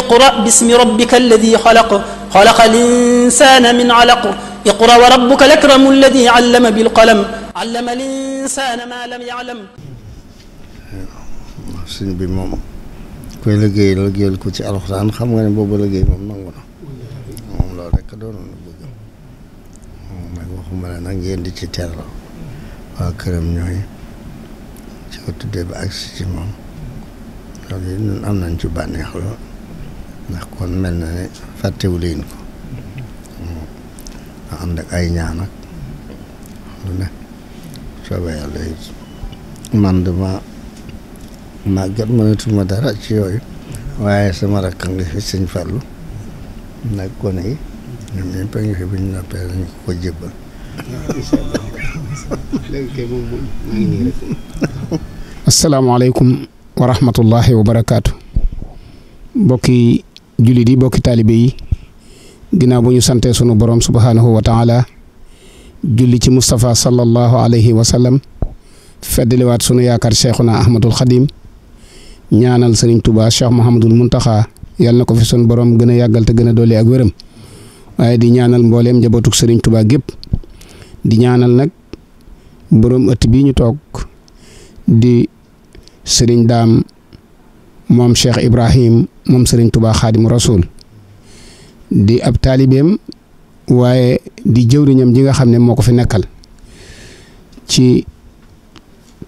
اقرأ باسم ربك الذي خلق خلق الإنسان من علق اقرأ وربك الأكرم الذي علم بالقلم علم الإنسان ما لم يعلم sëñ bi moom koy liggéey liggéeyal ko ci alxuraan xam nga ne boobu liggéey moom nangu na moom loolu rekk doonoon na bëgg moom nag waxuma ne nag ngeen di ci teral waa këram ñooy ci ko tuddee ba agsi ci moom loolu yi ñun am nañ ci bànneex lool ndax kon mel na ne fàttewu ko mm. a ay ñaan ak lu ne soobee yàlla it dara ci yooyu waaye sama rakk ngi fi sëñ Fallu nag gone yi ñoom ñëpp a ngi fi bu ñu noppee dañu ko ko jébbal asalaamaaleykum wa wa barakaatu mbokk jullit yi bokki taalibe yi ginnaaw bu ñu santee sunu borom subhaanahu wa taala julli ci mustafaa sallallahu alayhi wa sallam feddaliwaat sunu yaakaar cheikhuna Ahmadul Xadim ñaanal sëriñ Tuubaa Cheikh Mouhamadul Muntaxa yàlla na ko fi sunu borom gën a yàggal te gën a ak wéram waaye di ñaanal mbooleem njabootug sëriñ Tuubaa gépp di ñaanal nag borom ëtt bii ñu toog di sëriñ daam moom Cheikh Ibrahim moom sëriñ tubaa xaadimu rasuul di ab taalibeem waaye di jëwriñam ji nga xam ne moo ko fi nekkal ci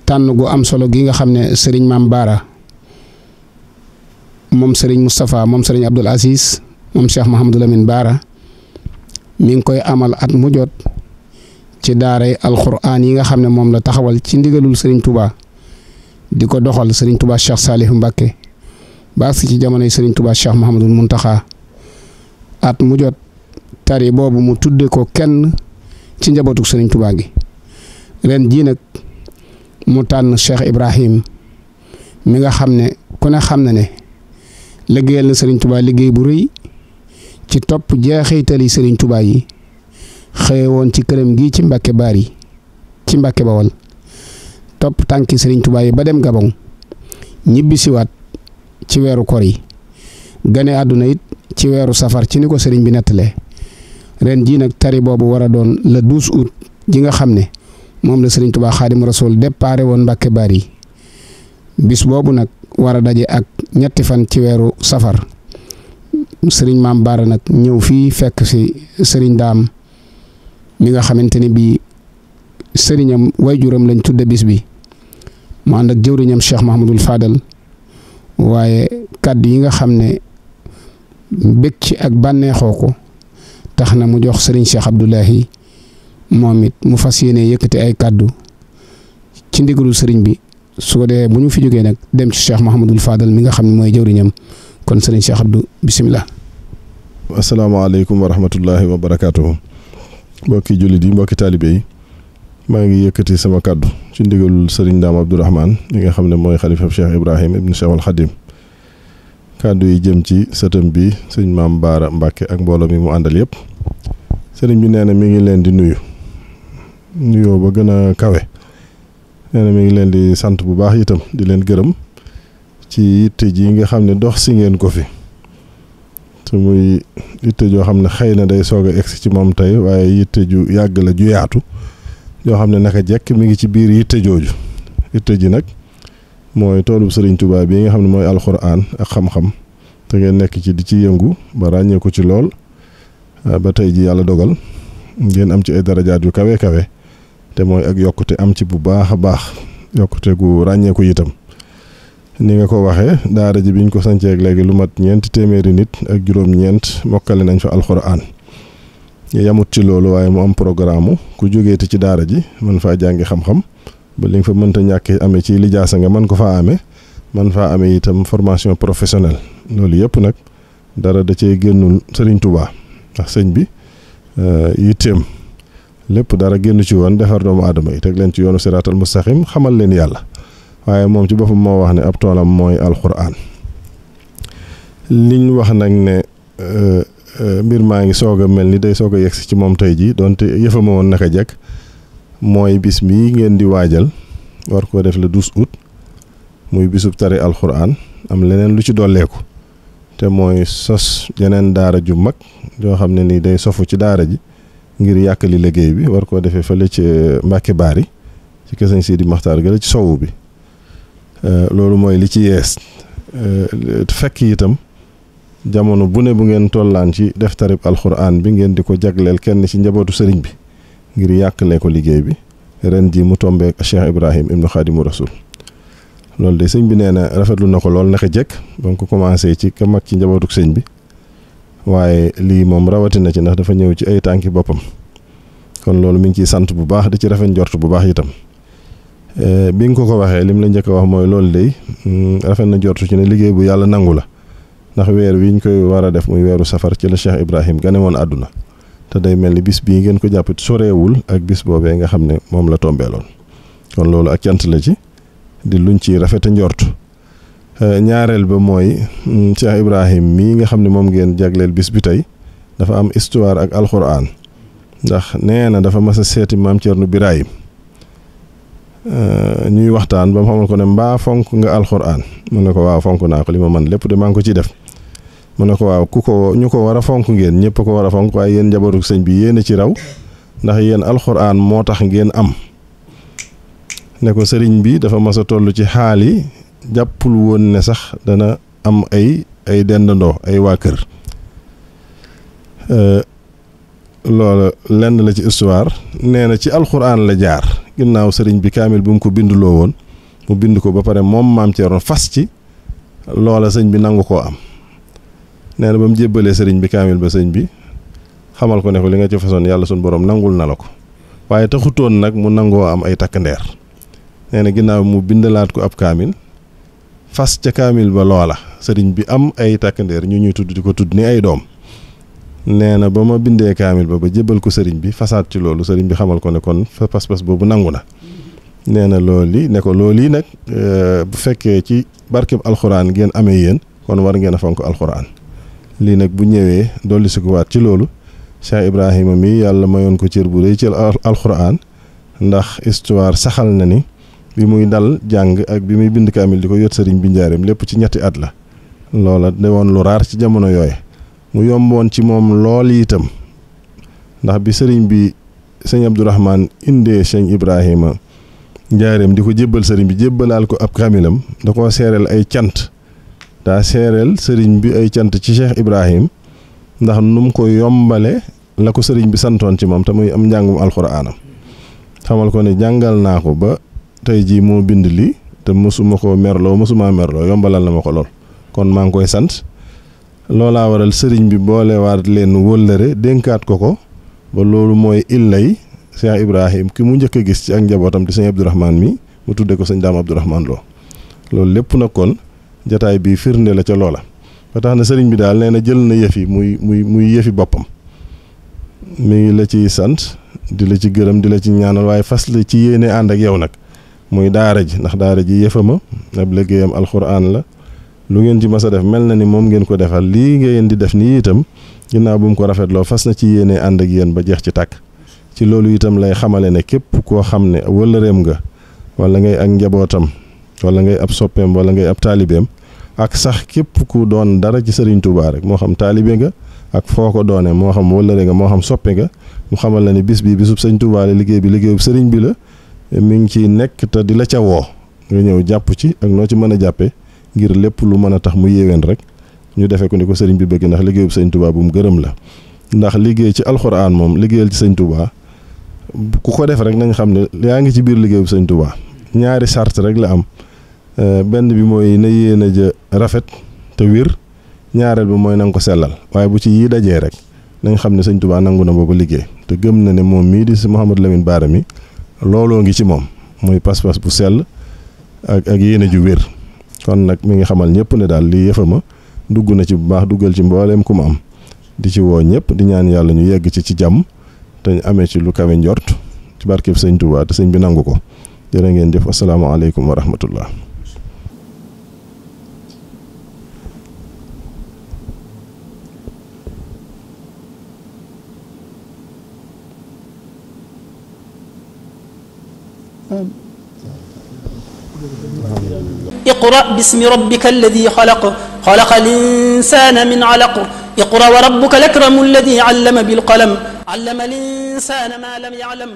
tànn gu am solo gi nga xam ne sëriñ maam baara moom sëriñ Moustapha moom sëriñ Abdul Aziz moom Cheikh Mouhamadou Lamine Baara mi ngi koy amal at mu ci daaray alquran yi nga xam ne moom la taxawal ci ndigalul sëriñ tubaa di ko doxal sëriñ tubaa Cheikh Salih Mbacké ba agsi ci jamonoy sëriñ Tuubaa Cheikh Mouhamadul Muntaxa at mu jot tari boobu mu tuddee ko kenn ci njabootu sëriñ tubaa gi ren jii nag mu tànn Cheikh Ibrahim mi nga xam ne ku ne xam na ne liggéeyal na sëriñ tubaa liggéey bu rëy ci topp jeexitali sëriñ Tuubaa yi xëye woon ci këram gi ci Mbàkke yi ci Mbàkke Bawal topp tànki sëriñ Tuubaa yi ba dem Gabon ñibbisiwaat ci weeru kor yi gane àdduna it ci weeru safar ci ni ko sëriñ bi nettalee ren jii nag tari boobu war doon le 12 août ji nga xam ne moom la sëriñ Tuubaa Xaadim Rasuul déparé woon baar yi bis boobu nag war a daje ak ñetti fan ci weeru safar sëriñ Maam Baara nag ñëw fii fekk si sëriñ Daam mi nga xamante ni bi sëriñam way waajuram lañ tudde bis bi mu ànd ak jëwriñam Cheikh Mahamadul Fadal waaye kàddu yi nga xam ne bëgg ci ak bànneexoo ko tax na mu jox sëriñ Cheikh Abdoulahi moom it mu fas yéene yëkkati ay kàddu ci ndigalu sëriñ bi su dee bu ñu fi jógee nag dem ci Cheikh Mouhamadul Fadal mi nga xam ne mooy jëwriñam kon sëriñ Cheikh Abdou bisimilah. asalaamaaleykum wa rahmatullahi wa barakaatu. mbokki jullit yi mbokki taalibe maa ngi yëkkati sama kàddu. ci ndigalul sëriñ daam abdourahman li nga xam ne mooy xalifab cheikh ibrahim ibn cheikh al xadim kàddu yi jëm ci sëtam bi sëñ maam baara mbàkke ak mbooloo mi mu àndal yépp sëriñ bi neena mi ngi leen di nuyu nuyoo ba gën a kawe nee na mi ngi leen di sant bu baax itam di leen gërëm ci yitte ji nga xam ne dox si ngeen ko fi su muy yitte joo xam ne xëy na day soog a egsi ci moom tey waaye yitte ju yàgg la ju yaatu yoo xam ne naka jekk mi ngi ci biir yitte jooju yitte ji nag mooy toolu sëriñ tubaay bi nga xam ne mooy alxuraan ak xam-xam te ngeen nekk ci di ci yëngu ba ràññeeku ci lool ah, ba tey ji yàlla dogal ngeen am ci ay darajaat yu kawe kawe te mooy ak yokkute am ci bu baax a baax yokkute gu ràññeeku itam ni nga ko waxee daara ji ñu ko sancee léegi lu mat ñeent téeméeri nit ak juróom-ñeent mokkale nañ fa alxuraan yamut ci loolu waaye mu am programme ku jógeeti ci daara ji mën faa jàngi xam-xam ba li nga fa mënta ñàkk amee ci lijaasa nga man ko faa amee man faa ame itam formation professionnelle loolu yëpp nag dara da cee génnu sëriñ Touba ndax sëñ bi euh, yitteem lépp dara génn ci woon defar doomu aadama yi teg leen ci yoonu siraatal mustaqim xamal leen yàlla waaye moom ci boppam moo wax ne ab toolam mooy alquran liñ wax nag ne. Euh, Euh, mbir maa ngi soog a mel ni day soog a yegsi ci moom tey jii donte yëfama woon naka jekk mooy bis mii ngeen di waajal war koo def la 12 muy bisub tari alxuraan am leneen lu ci dolleeku te mooy sos yeneen daara ju mag yoo xam ne nii day sofu ci daara ji ngir yàkkali liggéey bi war koo defee fële ci euh, Mbàkke Baari ci Kër Sëñ Sidi Maxtaar gëla ci sowu bi euh, loolu mooy li ci yees fekk itam jamono bu bu ngeen tollaan ci def tarib alxuraan bi ngeen di ko jagleel kenn ci njabootu sëriñ bi ngir yàqale ko liggéey bi ren ji mu tombeek Cheikh Ibrahim ibnu Xaadimu Rasul loolu de sëñ bi nee na rafetlu na ko lool naka jekk ba mu ko commencé ci ka mag ci njabootu sëñ bi waaye lii moom rawatina ci ndax dafa ñëw ci ay tànki boppam kon loolu mi ciy sant bu baax di ci rafet njort bu baax itam eh, bi nga ko ko waxee lim la njëkk a wax mooy loolu de mm, rafet na njort ci ne liggéey bu yàlla nangu la. ndax weer wi ñu koy war a def muy weeru safar ci la Cheikh Ibrahim gane woon àdduna te day mel ni bis bii ngeen ko jàpp soreewul ak bis boobee nga xam ne moom la tombeeloon kon loolu ak cant la ci di luñ ci rafet a njort euh, ñaareel ba mooy mm, Cheikh Ibrahim mii nga xam ne moom ngeen jagleel bis bi tey dafa am histoire ak alxuraan ndax nee na dafa mas a seeti maam Thierno Birahim euh, ñuy waxtaan ba mu xamal ko ne mbaa fonk nga alxuraan mu ne ko waaw fonk naa ko li man lépp de maa ngi ko ci def mu ne ko waaw ku ko ñu ko war a fonk ngeen ñëpp ko war a fonk waaye yéen njabootu sëñ bi yéen ci raw ndax yéen alxuraan moo tax ngeen am ne ko sëriñ bi dafa mas a toll ci xaal yi jàppul woon ne sax dana am ay ay dendandoo ay waa kër euh, loolu lenn la ci histoire nee na ci alxuraan la jaar ginnaaw sëriñ bi kaamil bi mu ko binduloo woon mu bind ko ba pare moom maam Thierno fas ci loola sëñ bi nangu ko am. nee na ba mu jébbalee sëriñ bi kaamil ba sëñ bi xamal ko ne li nga ci façon yàlla borom nangul na la ko waaye taxutoon nag mu nangoo am ay takk na ginnaaw mu bindalaat ko ab kaamil fas ca kaamil ba loola bi am ay takk ñu ñuy tudd di ko tudd ni doom nee na ba ma bindee kaamil ba ba jébbal ko sëriñ bi fasaat ci loolu sëriñ bi xamal ko ne kon fa pas boobu nangu na nee na loolu ne ko loolu yi nag eh, bu fekkee ci barkeb alxuraan ngeen amee yéen kon war ngeen a fonk alxuraan lii nag bu ñëwee dolli waat ci loolu Cheikh Ibrahima mi yàlla mayoon ko cër bu rëy ci alxuraan ndax histoire saxal na ni bi muy dal jàng ak bi muy bind kaamil di ko yot sëriñ bi njaareem lépp ci ñetti at la loola de woon lu raar ci jamono yooy mu yomboon ci moom lool itam ndax bi sëriñ bi sëñ Abdourahman indee sëñ Ibrahima njaareem di ko jébbal sëriñ bi jébbalaal ko ab kaamilam da koo seereel ay cant daa seereel sëriñ bi ay cant ci Cheikh Ibrahim ndax nu mu ko yombale la ko sëriñ bi santoon ci moom te muy am njàngum alxuraanam xamal ko ne jàngal naa ko ba tey jii moo bind li te mësuma ko merloo mosuma merloo yombalal na ma ko lool kon maa ngi koy sant laa waral sëriñ bi boolewaat leen wëllëre dénkaat ko ko ba loolu mooy illay Cheikh Ibrahim ki mu njëkk a gis ci ak njabootam di sëñ Abdourahman mi mu tudde ko sëñ Daam Abdourahman Lo loolu lépp nag jataay bii firnde la ca loola ba tax na sëriñ bi daal nee na jël na yëf yi muy muy muy yëfi boppam mi ngi la ciy sant di la ci gërëm di la ci ñaanal waaye fas la ci yéene ànd ak yow nag muy daara ji ndax daara ji yëfama ab liggéeyam alxuraan la lu ngeen ci mas a def mel na ni moom ngeen ko defal lii nga ngeen di def nii itam ginnaaw bu mu ko rafetloo fas na ci yéene ànd ak yéen ba jeex ci tàkk ci loolu itam lay xamale ne képp koo xam ne wëllëreem nga wala ngay ak njabootam wala ngay ab soppeem wala ngay ab taalibeem ak sax képp ku doon dara ci sëriñ Touba rek moo xam taalibe nga ak foo ko doonee moo xam wëllëre nga moo xam soppe nga mu xamal la ne bis bi bisub sëriñ liggéey bi liggéeyub sëriñ bi la mi ngi ciy nekk di la ca woo nga ñëw jàpp ci ak noo ci mën a jàppee ngir lépp lu mën a tax mu yéwén rek ñu defee ko ko sëriñ bi bëgg ndax liggéeyub sëriñ bu mu gërëm la ndax liggéey ci alxuraan moom liggéeyal ci sëriñ Touba ko def rek nañ xam ne yaa ngi ci biir liggéeyub sëriñ Touba ñaari sart rek la am Euh, benn bi mooy na yéene ja rafet te wér ñaareel bi mooy na ko sellal waaye bu ci yii dajee rek nañ xam ne sëñ Tuubaa nangu na boobu liggéey te gëm na ne moom mii di si Mouhamadou Lamine Bara mi looloo ngi ci moom mooy pas-pas bu sell ak ak yéene ju wér kon nag mi ngi xamal ñëpp ne daal lii yëfa ma dugg na ci bu baax duggal ci mbooleem ku ma am di ci woo ñëpp di ñaan yàlla ñu yegg ci ci jàmm te ñu amee ci lu kawe njort ci barkeb sëñ Tuubaa te sëñ bi nangu ko jërë ngeen jëf asalaamaaleykum wa rahmatullah اقرأ باسم ربك الذي خلق خلق الإنسان من علق اقرأ وربك الأكرم الذي علم بالقلم علم الإنسان ما لم يعلم